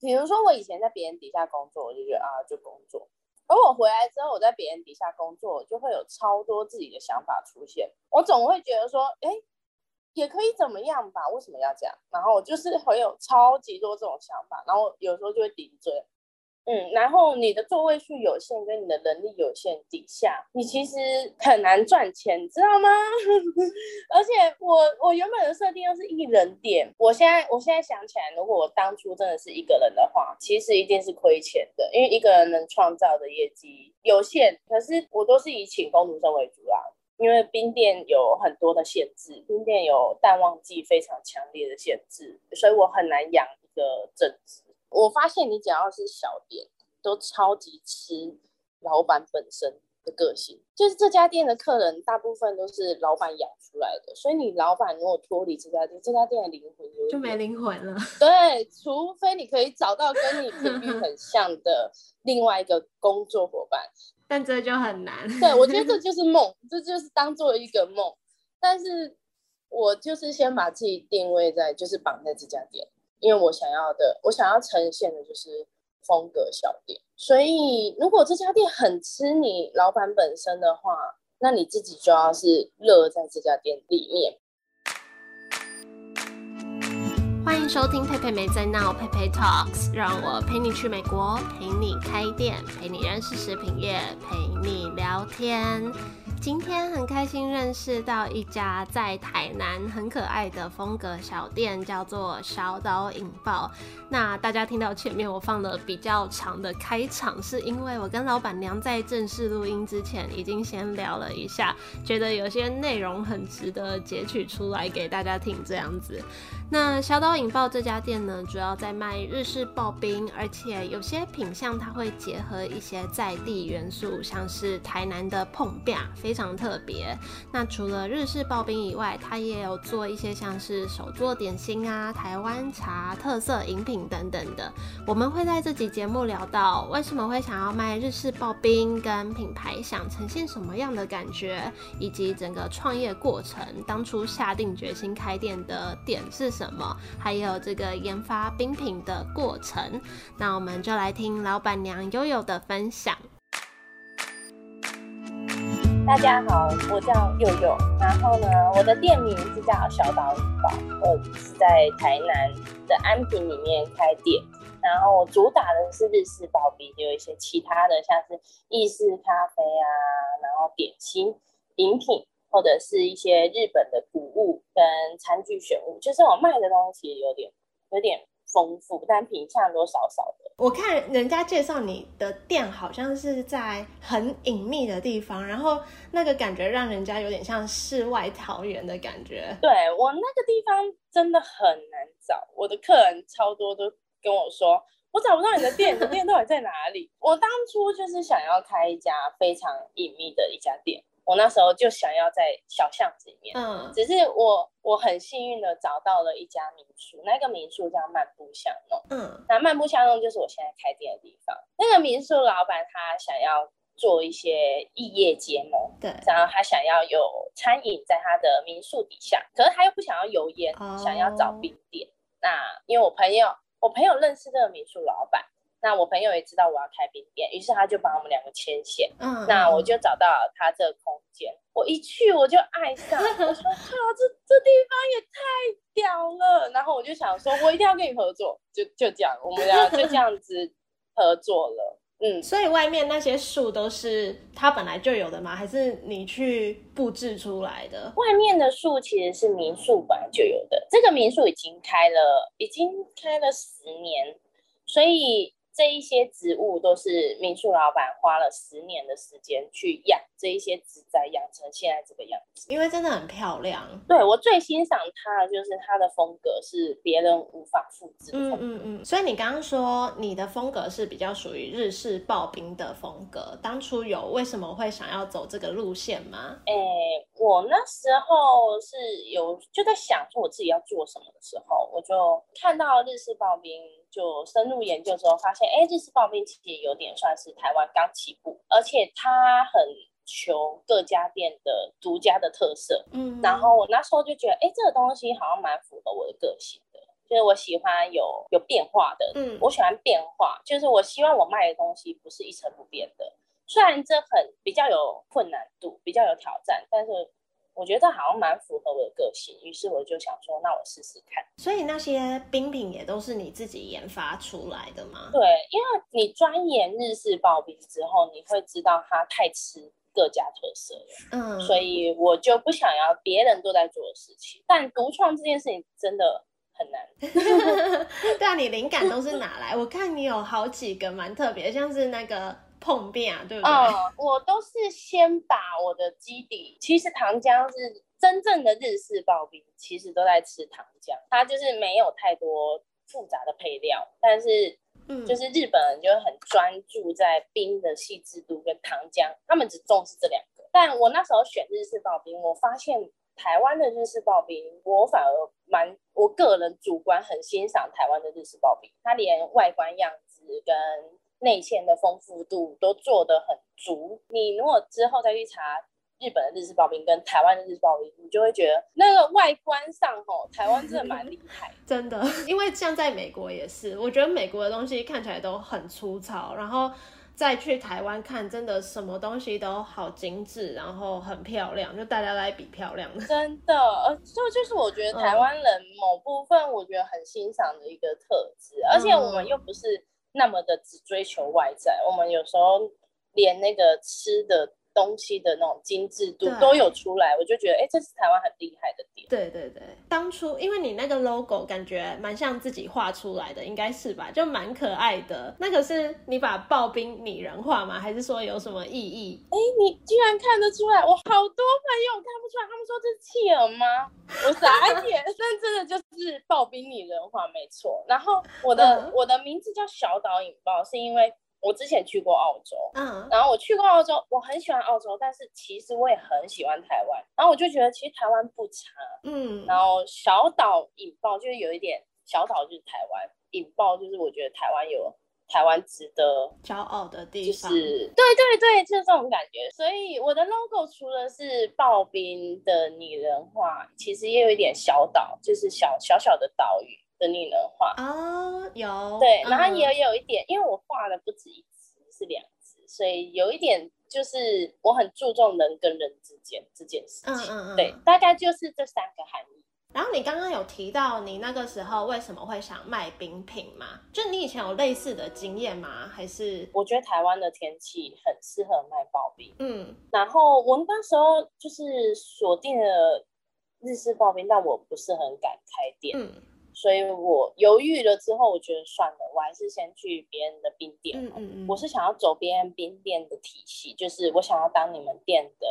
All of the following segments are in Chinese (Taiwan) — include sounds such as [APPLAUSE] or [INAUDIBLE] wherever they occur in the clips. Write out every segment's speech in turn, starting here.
比如說，我以前在別人底下工作，我就覺得啊，就工作。而我回來之後，我在別人底下工作，就會有超多自己的想法出現。我總會覺得說，哎，也可以怎麼樣吧？為什麼要這樣？然後我就是會有超級多這種想法，然後有時候就會頂嘴。嗯，然後你的座位數有限，跟你的能力有限底下，你其實很難賺錢，知道嗎？ [LAUGHS] 而且我我原本的設定要是一人店，我現在我現在想起來，如果我當初真的是一個人的話，其實一定是虧錢的，因為一個人能創造的業績有限。可是我都是以請工讀生為主啊，因為冰店有很多的限制，冰店有淡旺季非常強烈的限制，所以我很難養一個正職。我發現你只要是小店，都超級吃老闆本身的個性，就是這家店的客人，大部分都是老闆養出來的，所以你老闆如果脫離這家店，這家店的靈魂就，就沒靈魂了。對，除非你可以找到跟你頻率很像的另外一個工作夥伴， [LAUGHS] 但這就很難。對，我覺得這就是夢， [LAUGHS] 這就是當做一個夢。但是，我就是先把自己定位在，就是綁在這家店。因為我想要的，我想要呈現的就是風格小店。所以，如果這家店很吃你老板本身的話，那你自己就要是樂在這家店裡面。歡迎收聽佩佩沒在鬧，佩佩 Talks，讓我陪你去美國，陪你開店，陪你認識食品業，陪你聊天。今天很開心認識到一家在台南很可愛的風格小店，叫做小島飲刨。那大家聽到前面我放了比較長的開場，是因為我跟老板娘在正式錄音之前已經先聊了一下，覺得有些內容很值得截取出來給大家聽。這樣子，那小島飲刨這家店呢，主要在賣日式刨冰，而且有些品項它會結合一些在地元素，像是台南的椪餅。非常特別。那除了日式刨冰以外，他也有做一些像是手作點心啊、台灣茶、特色飲品等等的。我們會在這集節目聊到，為什麼會想要賣日式刨冰，跟品牌想呈現什麼樣的感覺，以及整個創業過程，當初下定決心開店的點是什麼，還有這個研發冰品的過程。那我們就來聽老闆娘悠悠的分享。大家好，我叫 Yoyo。然後呢，我的店名是叫小島飲刨，我是在台南的安平裡面開店。然後我主打的是日式刨冰，有一些其他的像是意式咖啡啊，然後點心、飲品，或者是一些日本的古物跟餐具選物，就是我賣的東西有點有點。豐富，但品相多少少的。我看人家介紹你的店好像是在很隱秘的地方，然後那個感覺讓人家有點像世外桃源的感覺。對，我那個地方真的很難找，我的客人超多都跟我說，我找不到你的店，你 [LAUGHS] 的店到底在哪裡？我當初就是想要開一家非常隱秘的一家店。我那時候就想要在小巷子裡面，嗯，只是我我很幸運的找到了一家民宿，那個民宿叫漫步巷弄，嗯，那漫步巷弄就是我現在開店的地方。那個民宿老闆他想要做一些異業結盟，對，然後他想要有餐飲在他的民宿底下，可是他又不想要油煙，想要找冰店。哦，那因為我朋友，我朋友認識這個民宿老闆。那我朋友也知道我要開冰店，於是他就把我們兩個牽線。嗯，那我就找到了他這個空間，我一去我就愛上，我說 [LAUGHS] 這這地方也太屌了。然後我就想說，我一定要跟你合作，就就這樣我們倆就這樣子合作了。 [LAUGHS] 嗯，所以外面那些樹都是他本來就有的嗎？還是你去布置出來的？外面的樹其實是民宿本來就有的，這個民宿已經開了已經開了十年，所以。這一些植物都是民宿老闆花了十年的時間去養，這一些植栽，養成現在這個樣子，因為真的很漂亮。對，我最欣賞它，就是它的風格是別人無法複製。嗯。嗯嗯嗯。所以你剛剛說你的風格是比較屬於日式刨冰的風格，當初有為什麼會想要走這個路線嗎？哎、欸，我那時候是有就在想說我自己要做什麼的時候，我就看到日式刨冰。就深入研究之後，發現，哎、欸，日式刨冰其實有點算是台灣剛起步，而且他很求各家店的獨家的特色，嗯哼，然後我那時候就覺得，哎、欸，這個東西好像蠻符合我的個性的，就是我喜歡有有變化的，嗯，我喜歡變化，就是我希望我賣的東西不是一成不變的，雖然這很比較有困難度，比較有挑戰，但是。我覺得好像蠻符合我的個性，於是我就想說，那我試試看。所以那些冰品也都是你自己研發出來的嗎？對，因為你鑽研日式刨冰之後，你會知道它太吃各家特色了。嗯，所以我就不想要別人都在做的事情。但獨創這件事情真的很難。 [LAUGHS] 對啊，你靈感都是哪來？ [LAUGHS] 我看你有好幾個蠻特別，像是那個。椪餅啊，對不對？啊、嗯，我都是先把我的基底。其實糖漿是真正的日式刨冰，其實都在吃糖漿，它就是沒有太多複雜的配料。但是，嗯，就是日本人就很專注在冰的細緻度跟糖漿，他們只重視這兩個。但我那時候選日式刨冰，我發現台灣的日式刨冰，我反而蠻我個人主觀很欣賞台灣的日式刨冰，它連外觀樣子跟。內線的豐富度都做得很足。你如果之後再去查日本的日式刨冰跟台灣的日式刨冰，你就會覺得那個外觀上哦，台灣真的蠻厲害，真的。因為像在美國也是，我覺得美國的東西看起來都很粗糙，然後再去台灣看，真的什麼東西都好精致，然後很漂亮，就大家在比漂亮的。真的，呃，這就是我覺得台灣人某部分我覺得很欣賞的一個特質，嗯、而且我們又不是。那麼的只追求外在，我們有時候連那個吃的東西的那種精緻度都有出來，對我就覺得，哎，這是台灣很厲害的點。對對對，當初因為你那個 logo 感覺蠻像自己畫出來的，應該是吧？就蠻可愛的。那個是你把刨冰擬人化嗎？還是說有什麼意義？哎，你居然看得出來，我好多朋友看不出來。他們說這是氣兒鵝嗎？我傻眼，那 [LAUGHS] 真的就是刨冰擬人化，沒錯。然後我的、嗯、我的名字叫小島引爆，是因為。我之前去過澳洲，嗯、uh，huh. 然後我去過澳洲，我很喜歡澳洲，但是其實我也很喜歡台灣，然後我就覺得其實台灣不差，嗯，mm. 然後小島飲刨就是有一點小島就是台灣飲刨就是我覺得台灣有台灣值得驕傲的地方、就是，對對對，就這種感覺，所以我的 logo 除了是刨冰的擬人化，其實也有一點小島，就是小小小的島嶼。等你人畫啊、oh, 有，有對，嗯、然後也有，也有一點，因為我畫了不止一次，是兩次。所以有一點就是我很注重人跟人之間這件事情。嗯嗯嗯、對，大概就是這三個含義。然後你剛剛有提到你那個時候為什麼會想賣冰品嗎？就你以前有類似的經驗嗎？還是？我覺得台灣的天氣很適合賣刨冰。嗯，然後我們那時候就是鎖定了日式刨冰，但我不是很敢開店。嗯。所以我猶豫了之後，我覺得算了，我還是先去別人的冰店。嗯嗯嗯，我是想要走別人冰店的體系，就是我想要當你們店的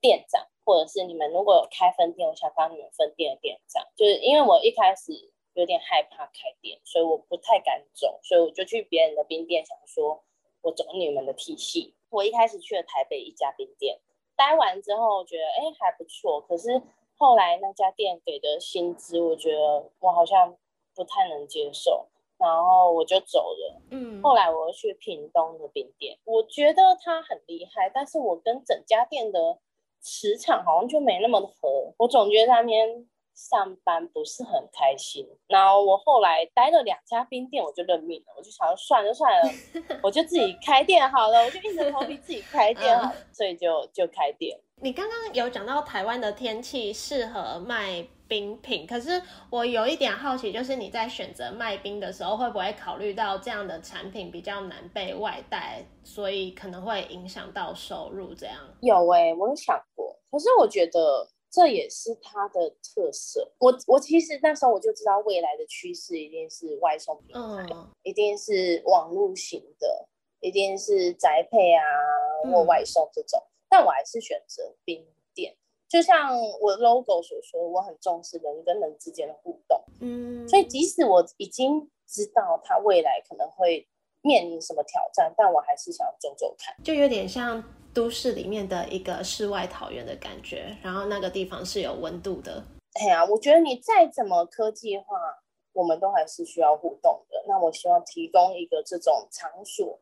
店長，或者是你們如果有開分店，我想當你們分店的店長。就是因為我一開始有點害怕開店，所以我不太敢走，所以我就去別人的冰店，想說我走你們的體系。我一開始去了台北一家冰店，待完之後我覺得哎，還不錯，可是。後來那家店給的薪資，我覺得我好像不太能接受，然後我就走了。嗯，後來我又去屏東的冰店，我覺得他很厲害，但是我跟整家店的磁場好像就沒那麼合，我總覺得那邊上班不是很開心。然後我後來待了兩家冰店，我就認命了，我就想算了算了， [LAUGHS] 我就自己開店好了，我就硬着頭皮自己開店好了， [LAUGHS] 所以就就開店。你剛剛有講到台灣的天氣適合賣冰品，可是我有一點好奇，就是你在選擇賣冰的時候，會不會考慮到這樣的產品比較難被外帶，所以可能會影響到收入這樣？有誒、欸，我有想過，可是我覺得這也是它的特色。我我其實那時候我就知道未來的趨勢一定是外送平台，嗯、一定是網絡型的，一定是宅配啊或外送這種。嗯但我還是選擇冰店，就像我 logo 所說，我很重視人跟人之間的互動。嗯，所以即使我已經知道他未來可能會面臨什麼挑戰，但我還是想要走走看，就有點像都市裡面的一個世外桃源的感覺。然後那個地方是有溫度的。哎呀，我覺得你再怎麼科技化，我們都還是需要互動的。那我希望提供一個這種場所。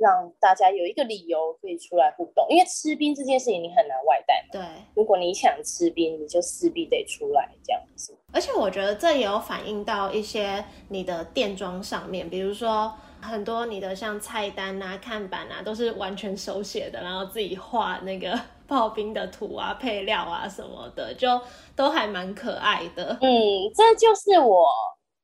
讓大家有一個理由可以出來互動，因為吃冰這件事情你很難外帶嘛。對，如果你想吃冰，你就勢必得出來這樣子。而且我覺得這也有反映到一些你的店裝上面，比如說很多你的像菜單啊、看板啊，都是完全手寫的，然後自己畫那個刨冰的圖啊、配料啊什麼的，就都還蠻可愛的。嗯，這就是我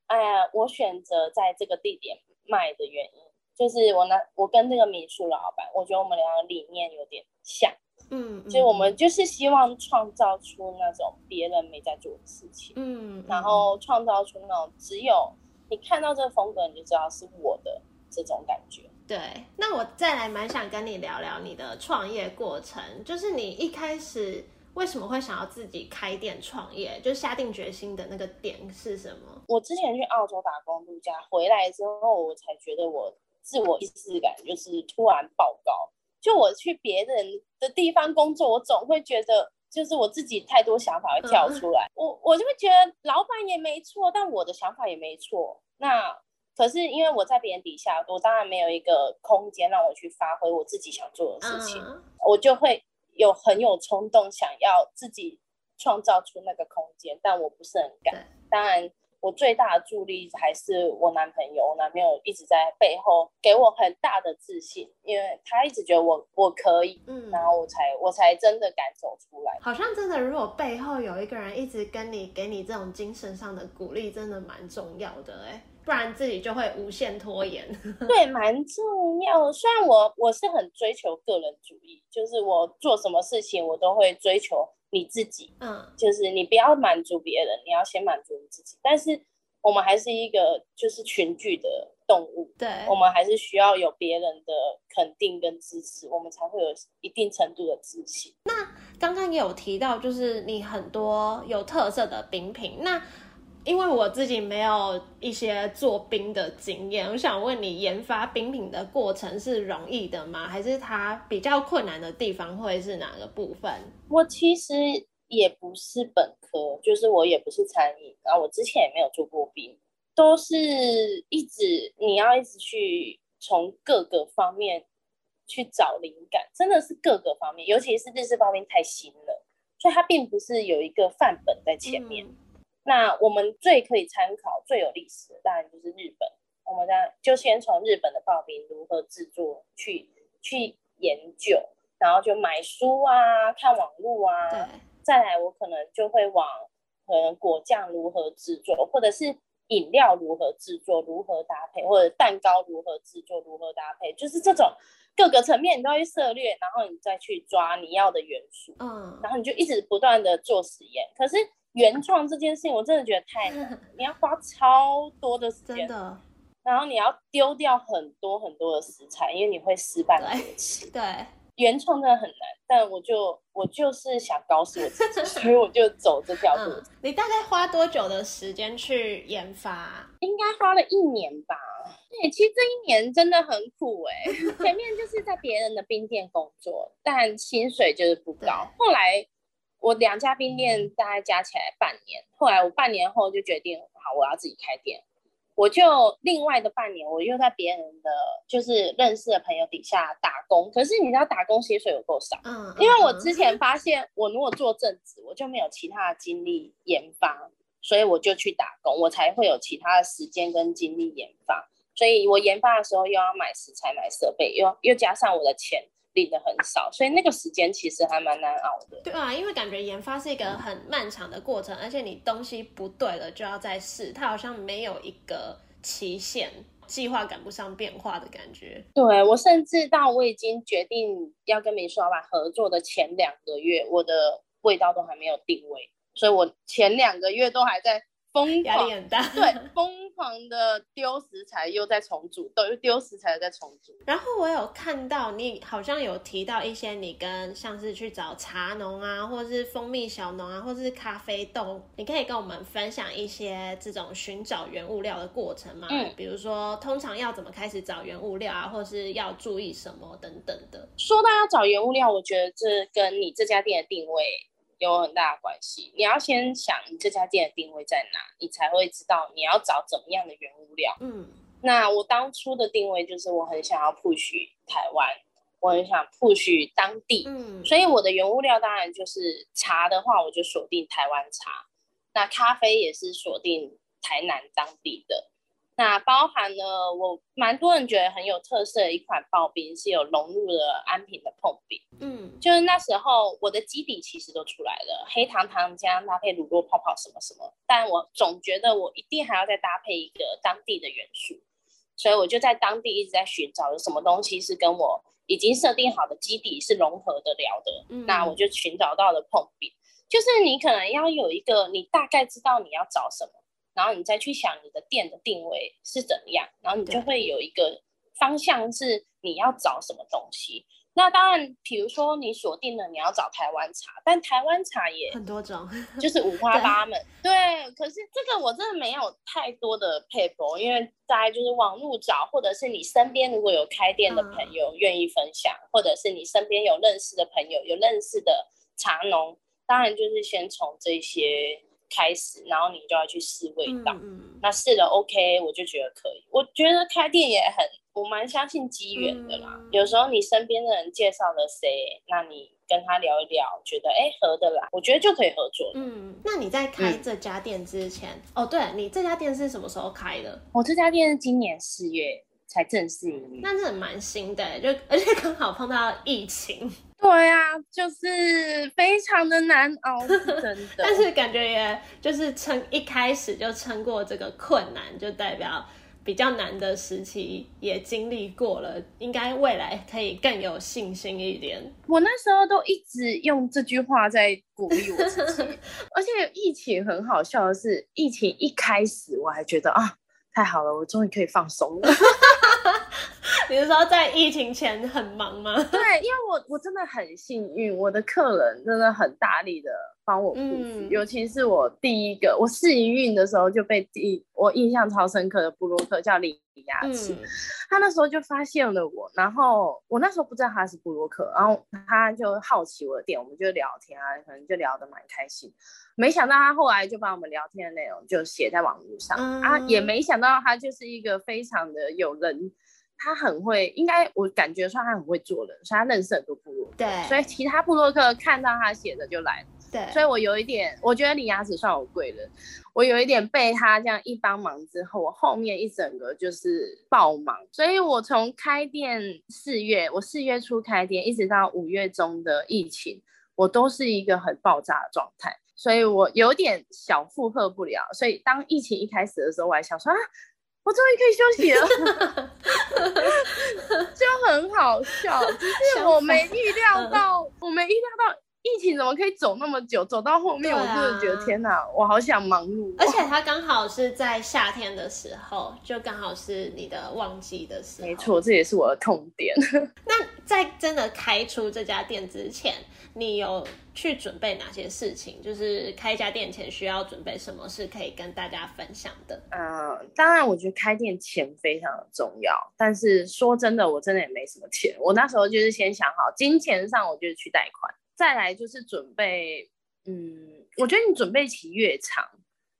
哎呀、呃，我選擇在這個地點賣的原因。就是我，那我跟那個民宿老闆，我覺得我們兩個理念有點像，嗯，就我們就是希望創造出那種別人沒在做的事情，嗯，然後創造出那種只有你看到這個風格你就知道是我的這種感覺。對，那我再來蠻想跟你聊聊你的創業過程，就是你一開始為什麼會想要自己開店創業，就下定決心的那個點是什麼？我之前去澳洲打工度假回來之後，我才覺得我。自我意識感就是突然爆高，就我去別人的地方工作，我總會覺得就是我自己太多想法會跳出來。Uh huh. 我我就會覺得老闆也沒錯，但我的想法也沒錯。那可是因為我在別人底下，我當然沒有一個空間讓我去發揮我自己想做的事情。Uh huh. 我就會有很有衝動想要自己創造出那個空間，但我不是很敢。當然、uh。Huh. 我最大的助力還是我男朋友，我男朋友一直在背後給我很大的自信，因為他一直覺得我我可以，嗯，然後我才我才真的敢走出來。好像真的，如果背後有一個人一直跟你給你這種精神上的鼓勵，真的蠻重要的、欸，哎，不然自己就會無限拖延。 [LAUGHS] 對，蠻重要的。雖然我我是很追求個人主義，就是我做什麼事情我都會追求。你自己，嗯，就是你不要滿足別人，你要先滿足你自己。但是我們還是一個就是群居的動物，對，我們還是需要有別人的肯定跟支持，我們才會有一定程度的自信。那剛剛也有提到，就是你很多有特色的飲品，那。因為我自己沒有一些做冰的經驗，我想問你，研發冰品的過程是容易的嗎？還是它比較困難的地方會是哪個部分？我其實也不是本科，就是我也不是餐飲，然後我之前也沒有做過冰，都是一直你要一直去從各個方面去找靈感，真的是各個方面，尤其是日式方面太新了，所以它並不是有一個範本在前面。嗯那我們最可以參考、最有歷史的當然就是日本。我們這就先從日本的刨冰如何制作去去研究，然後就買書啊、看網路啊，對再來我可能就會往可能果醬如何制作，或者是飲料如何制作、如何搭配，或者蛋糕如何制作、如何搭配，就是這種各個層面你都要涉獵，然後你再去抓你要的元素，嗯，然後你就一直不斷的做實驗，可是。原創這件事情我真的覺得太難了，你要花超多的時間，真的，然後你要丟掉很多很多的食材，因為你會失敗多次。對，對，原創真的很難，但我就我就是想告訴我自己，所以我就走這條路。 [LAUGHS] 嗯，你大概花多久的時間去研發？應該花了一年吧。對，其實這一年真的很苦哎、欸，前面就是在別人的冰店工作，但薪水就是不高，對，後來。我兩家冰店大概加起來半年，嗯，後來我半年後就決定，好，我要自己開店。我就另外的半年，我又在別人的，就是認識的朋友底下打工。可是你知道打工薪水有夠少，嗯，嗯，嗯，因為我之前發現，我如果做正職，我就沒有其他的精力研發，所以我就去打工，我才會有其他的時間跟精力研發。所以我研發的時候又要買食材、買設備，又又加上我的錢。定的很少，所以那個時間其實還蠻難熬的。對啊，因為感覺研發是一個很漫長的過程，嗯、而且你東西不對了就要再試，它好像沒有一個期限，計劃趕不上變化的感覺。對，我甚至到我已經決定要跟美術老闆合作的前兩個月，我的味道都還沒有定位，所以我前兩個月都還在。壓力很大，對，瘋狂的丟食材，又在重組，都丟食材又在重組。然後我有看到你好像有提到一些，你跟像是去找茶農啊，或是蜂蜜小農啊，或是咖啡豆，你可以跟我們分享一些這種尋找原物料的過程嗎？嗯，比如說通常要怎麼開始找原物料啊，或是要注意什麼等等的。說到要找原物料，我覺得這跟你這家店的定位，有很大的關係，你要先想你這家店的定位在哪，你才會知道你要找怎麼樣的原物料。嗯，那我當初的定位就是我很想要 push 台灣，我很想 push 當地，嗯，所以我的原物料當然就是茶的話，我就鎖定台灣茶，那咖啡也是鎖定台南當地的。那包含了我蠻多人覺得很有特色的一款刨冰，是有融入了安平的椪餅。嗯，就是那時候我的基底其實都出來了，黑糖糖漿搭配滷肉泡泡什麼什麼，但我總覺得我一定還要再搭配一個當地的元素，所以我就在當地一直在尋找有什麼東西是跟我已經設定好的基底是融合得了的。嗯、那我就尋找到了椪餅。就是你可能要有一個，你大概知道你要找什麼。然後你再去想你的店的定位是怎麼樣，然後你就會有一個方向是你要找什麼東西。對那當然，比如說你鎖定了你要找台灣茶，但台灣茶也很多種，就是五花八門。對、對，可是這個我真的沒有太多的撇步，因為大家就是網絡找，或者是你身邊如果有開店的朋友願意分享，嗯、或者是你身邊有認識的朋友、有認識的茶農，當然就是先從這些。開始，然後你就要去試味道。嗯嗯、那試了 OK，我就覺得可以。我覺得開店也很，我蠻相信機緣的啦。嗯、有時候你身邊的人介紹了誰，那你跟他聊一聊，覺得哎、欸、合得來，我覺得就可以合作了。嗯，那你在開這家店之前，嗯、哦，對，你這家店是什麼時候開的？我這家店是今年四月。才正式。那這還蠻新的，就而且剛好碰到疫情。對啊，就是非常的難熬。是真的 [LAUGHS] 但是感覺也就是撐一開始就撐過這個困難，就代表比較難的時期也經歷過了，應該未來可以更有信心一點。我那時候都一直用這句話在鼓勵我自己。 [LAUGHS] 而且疫情很好笑的是，疫情一開始我還覺得啊，太好了，我終於可以放鬆了。 [LAUGHS] [LAUGHS] 你是說在疫情前很忙嗎？對，因為我我真的很幸運，我的客人真的很大力的。幫我布局，嗯、尤其是我第一個我試營運的時候就被第一我印象超深刻的部落客叫李亞奇，李嗯、他那時候就發現了我，然後我那時候不知道他是部落客，然後他就好奇我的店，我們就聊天啊，可能就聊得蠻開心。沒想到他後來就把我們聊天的內容就寫在網絡上、嗯、啊，也沒想到他就是一個非常的有人，他很會，應該我感覺出他很會做人，所以他認識很多部落客，對，所以其他部落客看到他寫的就來了。對，所以我有一點，我覺得李牙齒算我貴了。我有一點被他這樣一幫忙之後，我後面一整個就是爆忙。所以我從開店四月，我四月初開店，一直到五月中的疫情，我都是一個很爆炸的狀態。所以我有點小負荷不了。所以當疫情一開始的時候，我還想說啊，我終於可以休息了， [LAUGHS] [LAUGHS] 就很好笑。只是我沒預料到， [LAUGHS] 我沒預料到。 [LAUGHS] 疫情怎麼可以走那麼久？走到後面我真的覺得天吶，啊、我好想忙碌。而且它剛好是在夏天的時候，哇就剛好是你的旺季的時候。沒錯，這也是我的痛點。 [LAUGHS] 那在真的開出這家店之前，你有去準備哪些事情？就是開一家店前需要準備什麼，是可以跟大家分享的？嗯、呃，當然，我覺得開店錢非常的重要。但是說真的，我真的也沒什麼錢。我那時候就是先想好，金錢上我就是去貸款。再來就是準備，嗯，我覺得你準備期越長，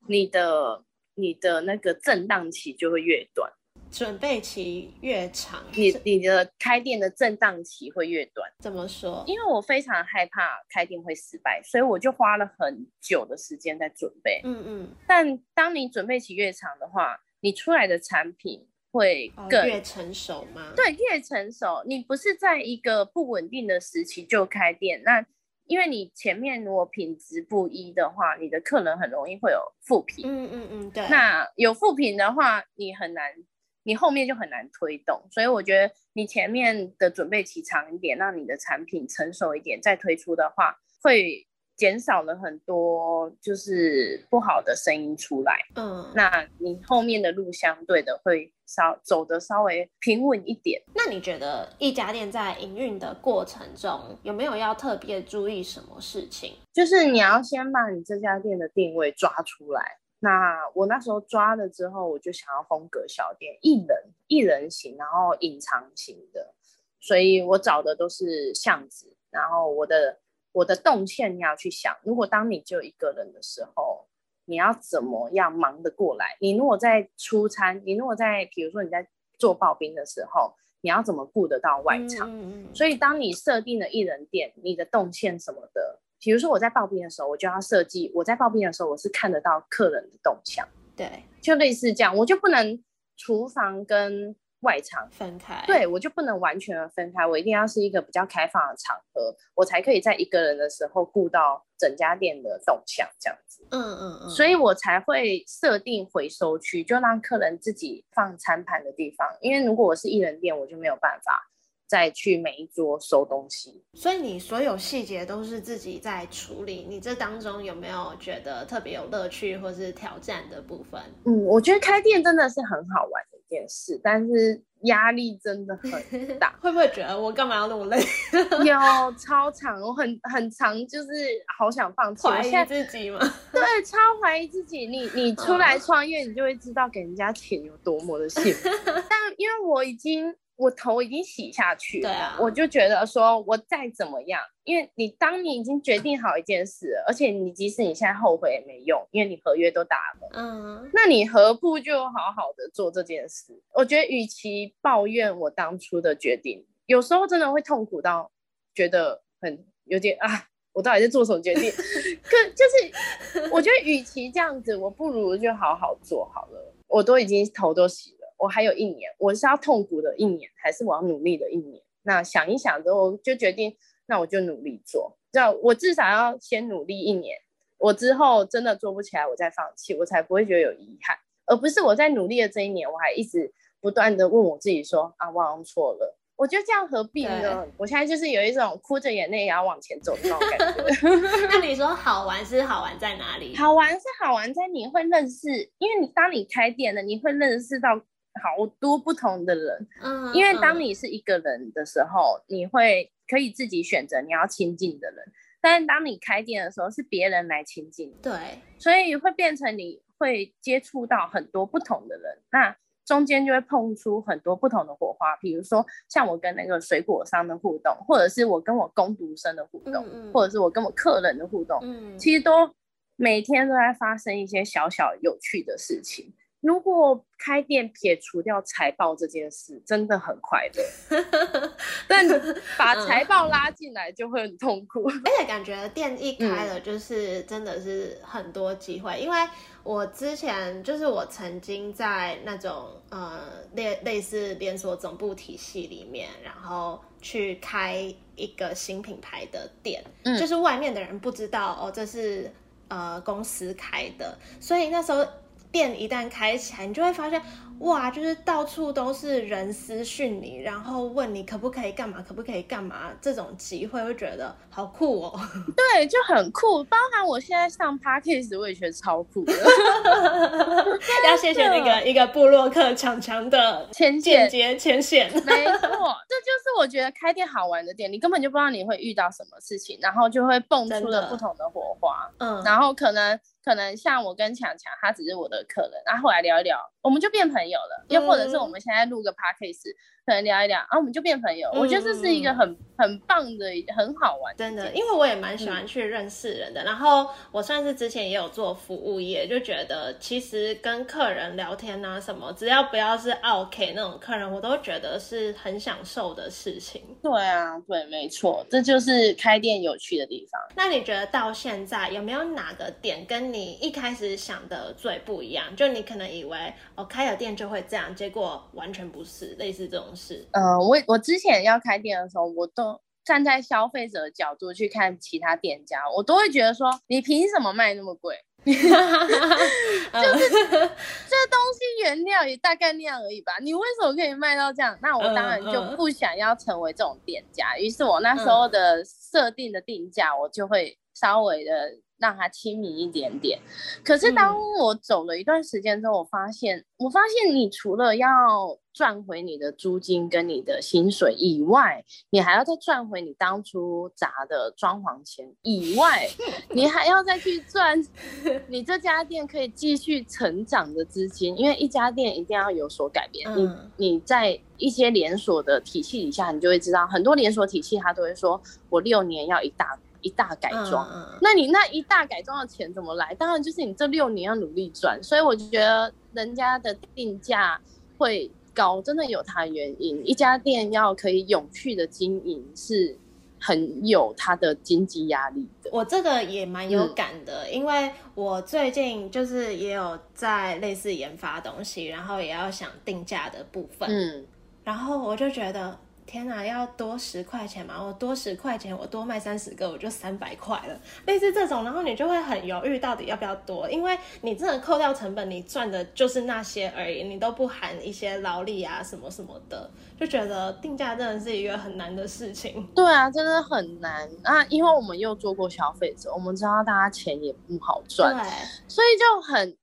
你的你的那個震盪期就會越短。準備期越長，你你的開店的震盪期會越短。怎麼說？因為我非常害怕開店會失敗，所以我就花了很久的時間在準備。嗯嗯，但當你準備期越長的話，你出來的產品。會更、哦、越成熟嗎？對，越成熟，你不是在一個不穩定的時期就開店，那因為你前面如果品質不一的話，你的客人很容易會有負評。嗯嗯嗯，對。那有負評的話，你很難，你後面就很難推動。所以我覺得你前面的準備期長一點，讓你的產品成熟一點再推出的話，會。減少了很多，就是不好的聲音出來。嗯，那你後面的路相對的會稍走得稍微平穩一點。那你覺得一家店在營運的過程中有沒有要特別注意什麼事情？就是你要先把你這家店的定位抓出來。那我那時候抓了之後，我就想要風格小店，一人一人型，然後隱藏型的，所以我找的都是巷子，然後我的。我的動線你要去想，如果當你就一個人的時候，你要怎麼樣忙得過來？你如果在出餐，你如果在比如說你在做刨冰的時候，你要怎麼顧得到外場？嗯，所以當你設定了一人店，你的動線什麼的，比如說我在刨冰的時候，我就要設計；我在刨冰的時候，我是看得到客人的動向。對，就類似這樣，我就不能廚房跟。外場分開台，對，我就不能完全的分開，我一定要是一個比較開放的場合，我才可以在一個人的時候顧到整家店的動向這樣子。嗯嗯嗯，所以我才會設定回收區，就讓客人自己放餐盤的地方。因為如果我是一人店，我就沒有辦法。再去每一桌收東西，所以你所有細節都是自己在處理。你這當中有沒有覺得特別有樂趣或是挑戰的部分？嗯，我覺得開店真的是很好玩的一件事，但是壓力真的很大。 [LAUGHS] 會不會覺得我幹嘛要那麼累？ [LAUGHS] 有超長，我很很長，就是好想放棄，懷疑自己嗎？ [LAUGHS] 對，超懷疑自己。你你出來創業， [LAUGHS] 你就會知道給人家錢有多麼的幸福。 [LAUGHS] 但因為我已經。我頭已經洗下去了，啊、我就覺得說，我再怎麼樣，因為你當你已經決定好一件事，而且你即使你現在後悔也沒用，因為你合約都打了。嗯，那你何不就好好的做這件事？我覺得與其抱怨我當初的決定，有時候真的會痛苦到覺得很有點啊，我到底在做什麼決定？ [LAUGHS] 可就是我覺得與其這樣子，我不如就好好做好了。我都已經頭都洗了。我還有一年，我是要痛苦的一年，還是我要努力的一年？那想一想之後，我就決定，那我就努力做，這樣我至少要先努力一年。我之後真的做不起來，我再放棄，我才不會覺得有遺憾，而不是我在努力的這一年，我還一直不斷的問我自己說啊，我好像錯了，我覺得這樣何必呢？對 我現在就是有一種哭着眼淚也要往前走的那種感覺。 [LAUGHS] [LAUGHS] 那你說好玩是好玩在哪裡？好玩是好玩在你會認識，因為你當你開店了，你會認識到。好多不同的人，嗯，因為當你是一個人的時候，嗯，你會可以自己選擇你要親近的人，但是當你開店的時候，是別人來親近，對，所以會變成你會接觸到很多不同的人，那中間就會碰出很多不同的火花，比如說像我跟那個水果商的互動，或者是我跟我工讀生的互動，嗯，或者是我跟我客人的互動，嗯，其實都每天都在發生一些小小有趣的事情。如果開店撇除掉財報這件事，真的很快樂。 [LAUGHS] 但把財報拉進來就會很痛苦。而且感覺店一開了，就是真的是很多機會。嗯、因為我之前就是我曾經在那種呃類類似連鎖總部體系裡面，然後去開一個新品牌的店，嗯、就是外面的人不知道哦，這是呃公司開的，所以那時候。店一旦開起來，你就會發現哇，就是到處都是人私訊你，然後問你可不可以幹嘛，可不可以幹嘛，這種機會會覺得好酷哦。對，就很酷。包含我現在上 podcast 時我也覺得超酷的。 [LAUGHS] [LAUGHS] 的要謝謝那個一個部落客強強的牽線，牽線。沒錯，這就是我覺得開店好玩的點，你根本就不知道你會遇到什麼事情，然後就會蹦出了不同的火花。嗯，然後可能可能像我跟強強，他只是我的客人，然後後來聊一聊，我們就變朋友了，嗯、又或者是我們現在錄個 podcast。可能聊一聊，啊，我們就變朋友。嗯、我覺得這是一個很、嗯、很棒的、很好玩，真的。因為我也蠻喜歡去認識人的。嗯、然後我算是之前也有做服務業，就覺得其實跟客人聊天啊什麼，只要不要是 OK 那種客人，我都覺得是很享受的事情。對啊，對，沒錯，這就是開店有趣的地方。那你覺得到現在有沒有哪個點跟你一開始想的最不一樣？就你可能以為我、哦、開了店就會這樣，結果完全不是，類似這種。是，呃、uh，我我之前要開店的時候，我都站在消費者的角度去看其他店家，我都會覺得說，你憑什麼賣那麼貴？ [LAUGHS] [LAUGHS] oh. 就是、 [LAUGHS] oh. 這東西原料也大概那樣而已吧，你為什麼可以賣到這樣？那我當然就不想要成為這種店家，oh. 於是我那時候的設定的定價，oh. 我就會稍微的讓它親民一點點。可是當我走了一段時間之後，oh. 我發現，我發現你除了要賺回你的租金跟你的薪水以外，你還要再賺回你當初砸的裝潢錢以外， [LAUGHS] 你還要再去賺你這家店可以繼續成長的資金，因為一家店一定要有所改變。你你在一些連鎖的體系底下，你就會知道很多連鎖體系他都會說，我六年要一大一大改裝， [LAUGHS] 那你那一大改裝的錢怎麼來？當然就是你這六年要努力賺。所以我覺得人家的定價會高真的有它原因，一家店要可以永續的經營是很有它的經濟壓力的。我這個也蠻有感的，嗯、因為我最近就是也有在類似研發東西，然後也要想定價的部分，嗯，然後我就覺得。天啊，要多十塊錢嘛？我多十塊錢，我多賣三十個，我就三百塊了。類似這種，然後你就會很猶豫，到底要不要多？因為你真的扣掉成本，你賺的就是那些而已，你都不含一些勞力啊什麼什麼的，就覺得定價真的是一個很難的事情。對啊，真的很難。那、啊、因為我們又做過消費者，我們知道大家錢也不好賺，對所以就很，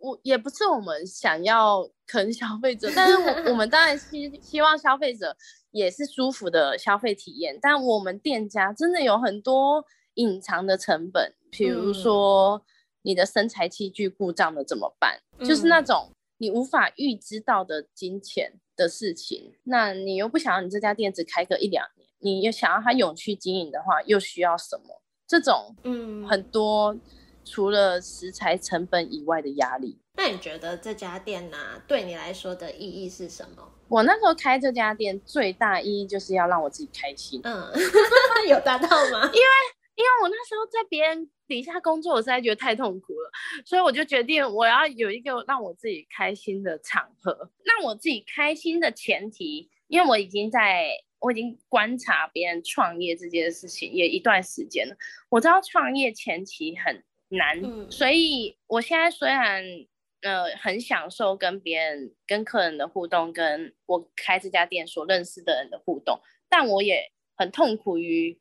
我也不是我們想要坑消費者， [LAUGHS] 但是我我們當然希希望消費者。也是舒服的消費體驗，但我們店家真的有很多隱藏的成本，比如說你的生財器具故障了怎麼辦？嗯、就是那種你無法預知到的金錢的事情。那你又不想要你這家店只開個一兩年，你又想要它永續經營的話，又需要什麼？這種嗯，很多。除了食材成本以外的壓力，那你覺得這家店呢啊？對你來說的意義是什麼？我那時候開這家店最大意義就是要讓我自己開心。嗯， [LAUGHS] 有達到嗎？因為因為我那時候在別人底下工作，我實在覺得太痛苦了，所以我就決定我要有一個讓我自己開心的場合。讓我自己開心的前提，因為我已經在我已經觀察別人創業這件事情也一段時間了，我知道創業前期很。難，所以我現在雖然呃很享受跟別人、跟客人的互動，跟我開這家店所認識的人的互動，但我也很痛苦於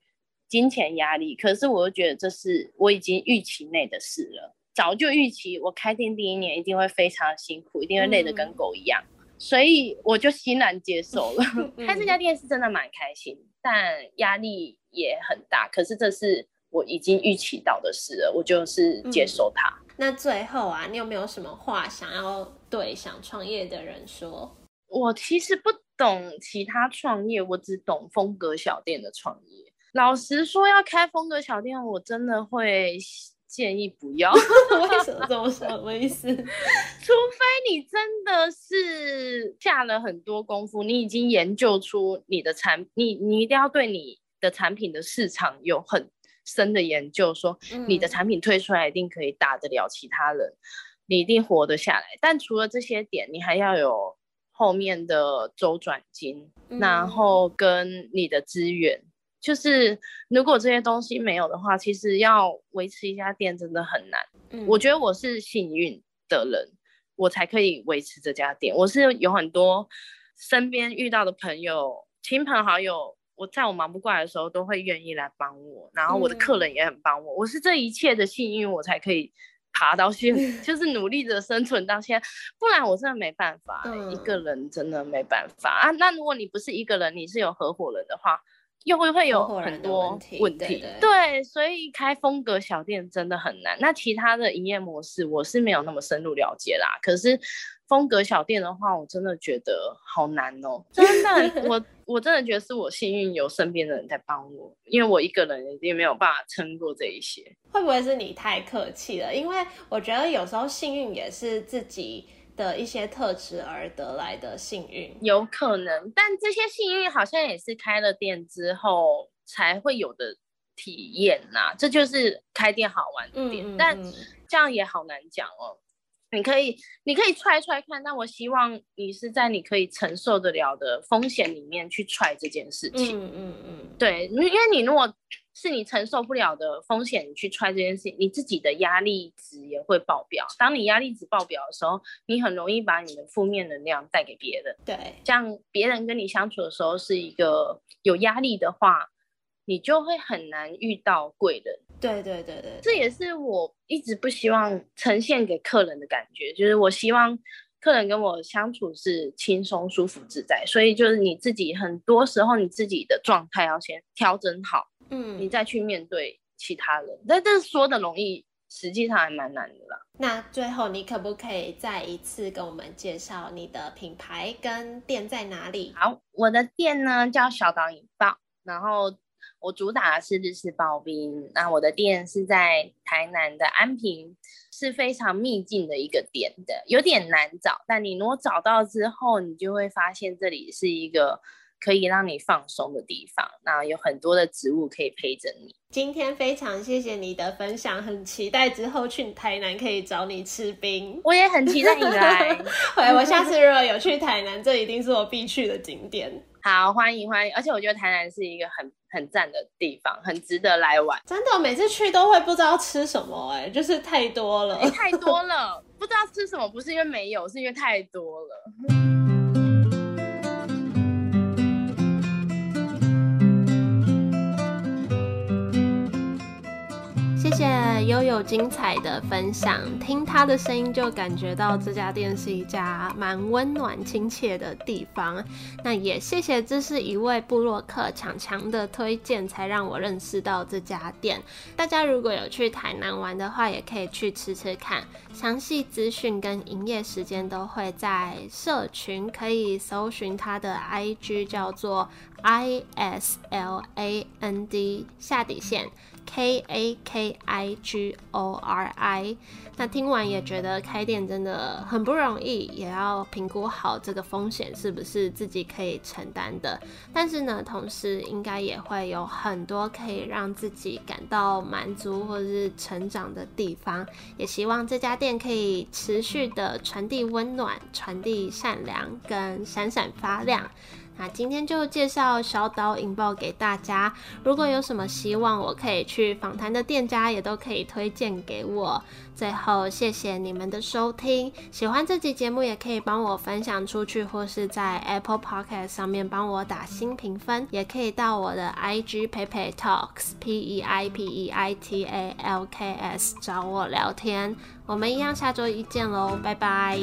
金錢壓力。可是我又覺得這是我已經預期內的事了，早就預期我開店第一年一定會非常辛苦，一定會累得跟狗一樣，所以我就欣然接受了。 [LAUGHS] 開這家店是真的蠻開心，但壓力也很大，可是這是。我已經預期到的事了，我就是接受它。嗯。那最後啊，你有沒有什麼話想要對想創業的人說？我其實不懂其他創業，我只懂風格小店的創業。老實說，要開風格小店，我真的會建議不要。 [LAUGHS] 為什麼這 [LAUGHS] 麼說？我意思除非你真的是下了很多功夫，你已經研究出你的產品，你你一定要對你的產品的市場有很。深的研究，說你的產品推出來一定可以打得了其他人，嗯、你一定活得下來。但除了這些點，你還要有後面的周轉金，嗯、然後跟你的資源。就是如果這些東西沒有的話，其實要維持一家店真的很難。嗯、我覺得我是幸運的人，我才可以維持這家店。我是有很多身邊遇到的朋友、親朋好友，我在我忙不過來的時候，都會願意來幫我，然後我的客人也很幫我。嗯、我是這一切的幸運，我才可以爬到現，嗯、就是努力的生存到現在，不然我真的沒辦法、欸，嗯、一個人真的沒辦法啊。那如果你不是一個人，你是有合夥人的話，又會有很多問題。對，所以開風格小店真的很難。那其他的營業模式我是沒有那麼深入了解啦。可是風格小店的話，我真的覺得好難哦、喔。真的， [LAUGHS] 我。我真的覺得是我幸運，有身邊的人在幫我，因為我一個人也沒有辦法撐過這一些。會不會是你太客氣了？因為我覺得有時候幸運也是自己的一些特質而得來的幸運，有可能。但這些幸運好像也是開了店之後才會有的體驗吶、啊，這就是開店好玩的點。嗯嗯嗯，但這樣也好難講哦。你可以，你可以踹一踹看，但我希望你是在你可以承受得了的風險裡面去踹這件事情。嗯嗯嗯，嗯嗯對，因為你如果是你承受不了的風險，你去踹這件事情，你自己的壓力值也會爆表。當你壓力值爆表的時候，你很容易把你的負面能量帶給別人。對，像別人跟你相處的時候是一個有壓力的話，你就會很難遇到貴人。對對對對，這也是我一直不希望呈現給客人的感覺，就是我希望客人跟我相處是輕鬆、舒服、自在。所以就是你自己很多時候你自己的狀態要先調整好，嗯，你再去面對其他人。但這說的容易，實際上還蠻難的啦。那最後你可不可以再一次跟我們介紹你的品牌跟店在哪裡？好，我的店呢叫小島飲刨，然後。我主打的是日式刨冰，那我的店是在台南的安平，是非常秘境的一個店的，有點難找。但你如果找到之後，你就會發現這裡是一個可以讓你放鬆的地方，那有很多的植物可以陪着你。今天非常謝謝你的分享，很期待之後去台南可以找你吃冰。我也很期待你來，喂， [LAUGHS] 我下次如果有去台南， [LAUGHS] 這一定是我必去的景點。好，歡迎歡迎！而且我覺得台南是一個很很讚的地方，很值得來玩。真的，我每次去都會不知道吃什麼、欸，哎，就是太多了， [LAUGHS] 欸、太多了， [LAUGHS] 不知道吃什麼，不是因為沒有，是因為太多了。又有，有精彩的分享，聽他的聲音就感覺到這家店是一家蠻溫暖親切的地方。那也謝謝，這是一位部落客強強的推薦，才讓我認識到這家店。大家如果有去台南玩的話，也可以去吃吃看。詳細資訊跟營業時間都會在社群，可以搜尋他的 IG，叫做 I S L A N D 下底線。K A K I G O R I，那聽完也覺得開店真的很不容易，也要評估好這個風險是不是自己可以承擔的。但是呢，同時應該也會有很多可以讓自己感到滿足或是成長的地方。也希望這家店可以持續的傳遞溫暖、傳遞善良跟閃閃發亮。那今天就介紹小島飲刨給大家。如果有什麼希望我可以去訪談的店家，也都可以推薦給我。最後，謝謝你們的收聽。喜歡這集節目，也可以幫我分享出去，或是在 Apple Podcast 上面幫我打星評分。也可以到我的 IG PeiPeiTalks P E I P E I T A L K S 找我聊天。我們一樣下周一見嘍，拜拜。